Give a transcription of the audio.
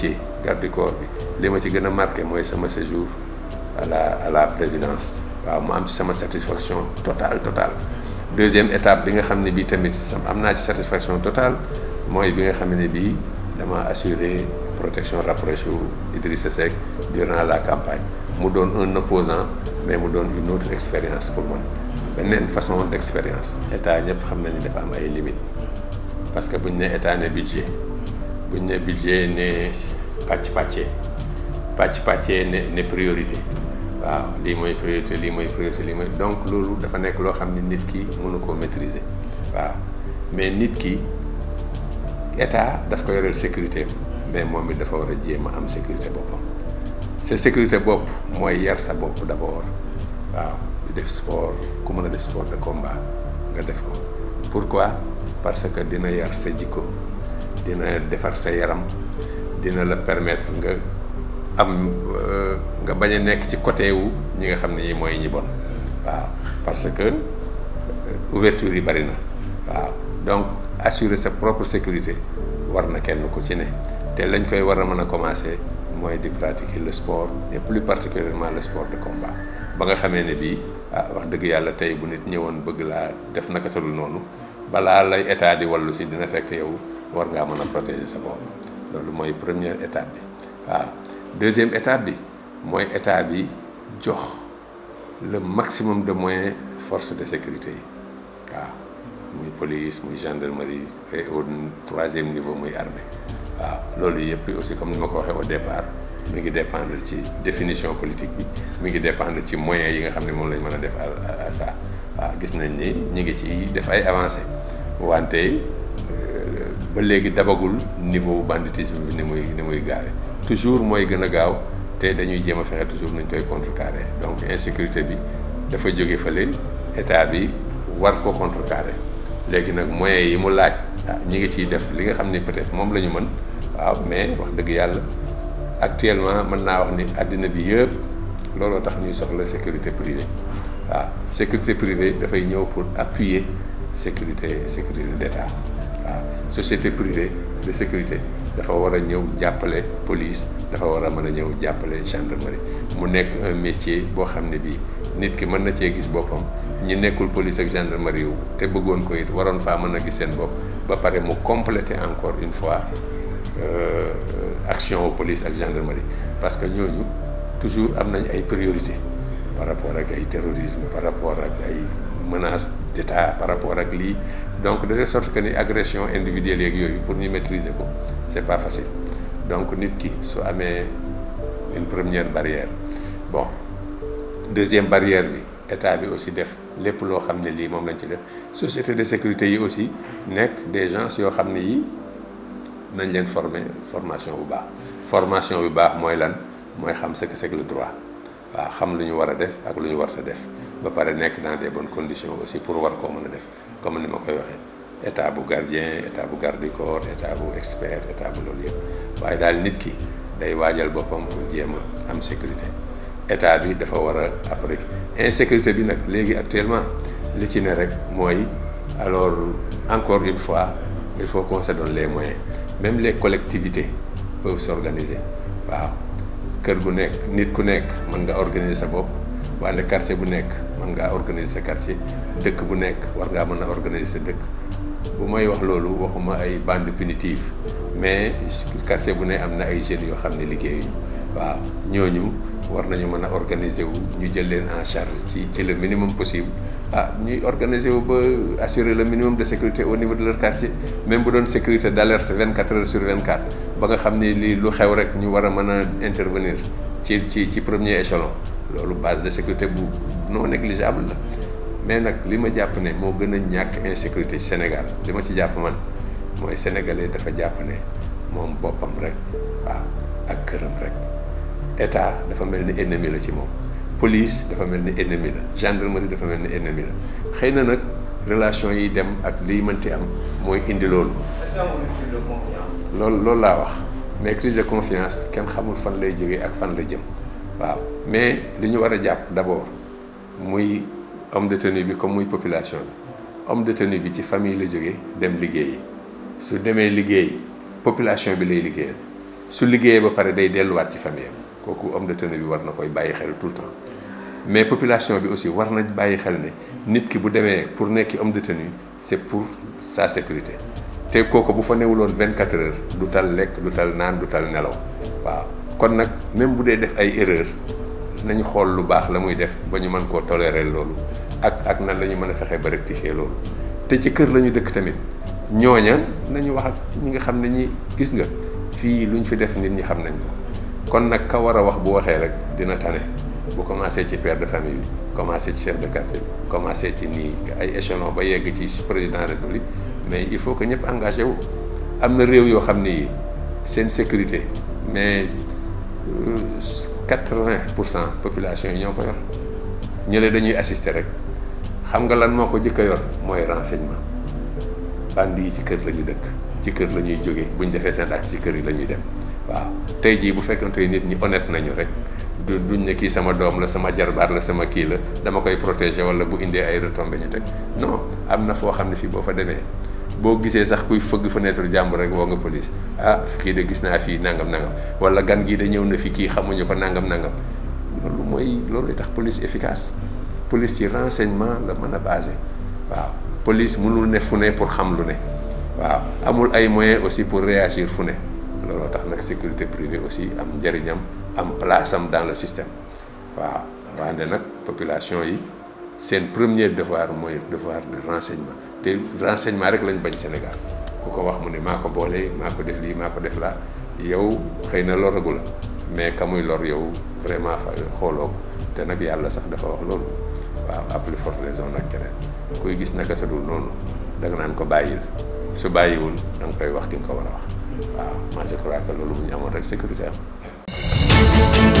métier garde corps bi li ma ci gën marqué mooy sama séjour à la à la présidence waaw mu am ci satisfaction totale totale deuxième étape bi nga xam ne tamit am satisfaction totale moi bi nga xam ne dama protection rapprochée wu Idrissa Seck durant la campagne mu donne un opposant mais mu donne une autre expérience pour moi. une façon d'expérience L'État état ñëpp xam parce que l'État ñu un état budget bu ñu budget pàcc pàccee pàcc pàccee ne ne priorité waaw lii mooy priorité lii mooy priorité lii mooy donc loolu dafa nekk loo xam ne nit ki mënu koo maîtriser waaw mais nit ki état daf ko yoreel sécurité mais moom it dafa war a am sécurité boppam sa sécurité bopp mooy yar sa bopp d'abord waaw di def sport ku mën a sport de combat nga def ko pourquoi parce que dina yar sa jikko dina defar sa yaram dina la permettre nga am euh, nga bañ a nekk ci côté wu ñi nga xam ne ñi mooy ñi bon waaw parce que euh, ouverture yi bari na waaw donc assurer sa propre sécurité war na kenn ku ci ne te lañ koy war a mën a commencer mooy di pratiquer le sport et plus particulièrement le sport de combat ba nga xamee ne bii ah, wax dëgg yàlla tey bu nit ñëwoon bëgg laa def naka sa lu noonu balaa lay état di wallu si dina fekk yow war ngaa mën a protéger sa bopp C'est mooy première étape deuxième étape bi mooy le maximum de moyens forces de sécurité yi police muy gendarmerie et au troisième niveau muy armée waaw loolu yëpp aussi comme ni au départ définition politique bi mi dépendre ci moyens yi nga xam lañ def à ça ba léegi dabagul niveau banditisme bi ni muy ni muy gaawee toujours mooy gën a gaaw te dañuy jéem a fexe toujours nuñ koy contrecarrer donc insécurité bi dafa jóge fële état bi war ko contrecarrer léegi nag moyens yi mu laaj ah, ñi ngi ciy def li nga xam ni peut-être moom la ñu mën waaw mais wax dëgg yàlla actuellement mën naa wax ni àddina bi yëpp looloo tax ñuy soxla sécurité privée waaw sécurité privée dafay ñëw pour appuyer sécurité sécurité d'État société privée de sécurité dafa war a ñëw police dafa war a mën a gendarmerie mu nekk un métier boo dit. n'est que nit qui se na cee gis n'est ñi nekkul police ak gendarmerie wu te bëggoon ko it une femme mën a gis seen bopp ba compléter encore une fois euh, action aux police ak gendarmerie parce que nous toujours am nañ ay priorité par rapport à ay terrorisme par rapport à ay menace d'État par rapport à lii donc de telle sorte que ni agression individuelle pour nous maîtriser Ce c'est pas facile donc nous ki une première barrière bon deuxième barrière bi état aussi def lépp loo xam ce lii lañ société de sécurité yi aussi nek des gens yoo xam ne yi nañ leen former formation bu bas, formation bu bas lan xam ce que c'est que le droit waaw xam lu ñu def ak warta ba pare nekk dans des bonnes conditions aussi pour war comment mën a def comme ni ma koy waxee état bu gardien état bu garde du corps état bu expert état bu loolu yëpp waaye daal nit ki day waajal boppam pour jéem a am sécurité état bi dafa war a après insécurité bi nag actuellement li ci ne rek mooy alors encore une fois il faut qu'on se donne les moyens même les collectivités peuvent s'organiser waaw kër gu nekk nit ku nekk mën nga organiser sa bu àndee quartier bu nekk mën nga organiser sa quartier dëkk bu nekk war ngaa mën a organiser sa dëkk bu may wax loolu waxuma ay bande punitive mais quartier bu ne am na ay jeunes yoo xam ne liggéeyuñu waaw ñooñu war nañu mën a organiser wu ñu jël leen en charge ci ci le minimum possible ah ñuy organiser wu ba assurer le minimum de sécurité au niveau de leur quartier même bu doon sécurité d'alerte 24 heures sur 24 ba nga xam ni lii lu xew rek ñu war a mën a intervenir ci ci ci premier échelon. loolu base de sécurité bu non négligeable la mais nag li ma jàpp ne moo gën a ñàkk insécurité ci Sénégal li ma ci jàpp man mooy sénégalais dafa jàpp ne moom boppam rek waaw ak këram rek état dafa mel ni ennemi la ci moom police dafa mel ni ennemi la gendarmerie dafa mel ni ennemi la xëy na nag relation yi dem ak liy mënti am mooy indi loolu. loolu loolu laa wax mais crise de confiance kenn xamul fan lay jógee ak fan lay jëm waaw mais li ñu war a jàpp d'abord muy homme de tenue bi comme muy population bi homme de tenue bi ci famille la jógee dem liggéeyi su demee liggéey population bi lay liggéeyal su liggéeyee ba pare day delluwaat ci famille am kooku homme de tenue bi war na koy bàyyi xel tout le temps mais population bi aussi war nañ bàyyi xel ne nit ki bu demee pour nekk homme de tenue c'est pour sa sécurité te kooku bu fa newuloon 24 heures du tal lekk du tal naan du tal nelaw waaw kon nag même bu dee def ay erreur nañu xool lu baax la muy def ba ñu mën koo tolérer loolu ak ak nan lañu ñu mën a fexe ba rectifier loolu te ci kër la dëkk tamit ñooña nañu wax ak ñi nga xam ne ñi gis nga fii lu ñu fi def nit ñi xam nañ ko kon nag ka war a wax bu waxee rek dina tane bu commencé ci père de famille bi commencé ci chef de quartier bi commencé ci nii ay échelon ba yegg ci président république mais il faut que ñëpp engagé wu am na réew yoo xam ne seen sécurité quatre-vingt pour cent population yi ñoo ko yor ñële dañuy assister rek xam nga lan moo ko jëkk a yor mooy renseignement bandi yi ci kër la ñu dëkk ci kër la ñuy jógee bu ñu defee seen acte ci kër yi la ñuy dem waaw tey jii bu fekkante nit ñi honnête nañu rek du duñ ne kii sama doom la sama jarbaar la sama kii la dama koy protégé wala bu indee ay retombées ñu teg non am na foo xam ne fii boo fa demee. boo gisee sax kuy fenêtre rek nga police ah de gis nangam nangam wala gan de na fi xamuñu ko nangam nangam tax police efficace police ci renseignement la basé police ne pour xam lu ne waaw amul moyens aussi pour réagir fu ne tax la sécurité privée aussi am place dans le système waaw population yi premier devoir devoir de renseignement te renseignement rek lañ bañ Sénégal ku ko wax mu ne maa ko boole maa ko def lii maa ko def laa yow xëy na loragu mais ka muy lor yow vraiment xooloo ko te nag yàlla sax dafa wax loolu waaw à plus forte raison nag keneen kuy gis naka sa dul noonu da naan ko bàyyil su bàyyiwul da nga koy wax ki nga ko war a wax waaw moi je loolu bu ñu amoon rek sécurité am.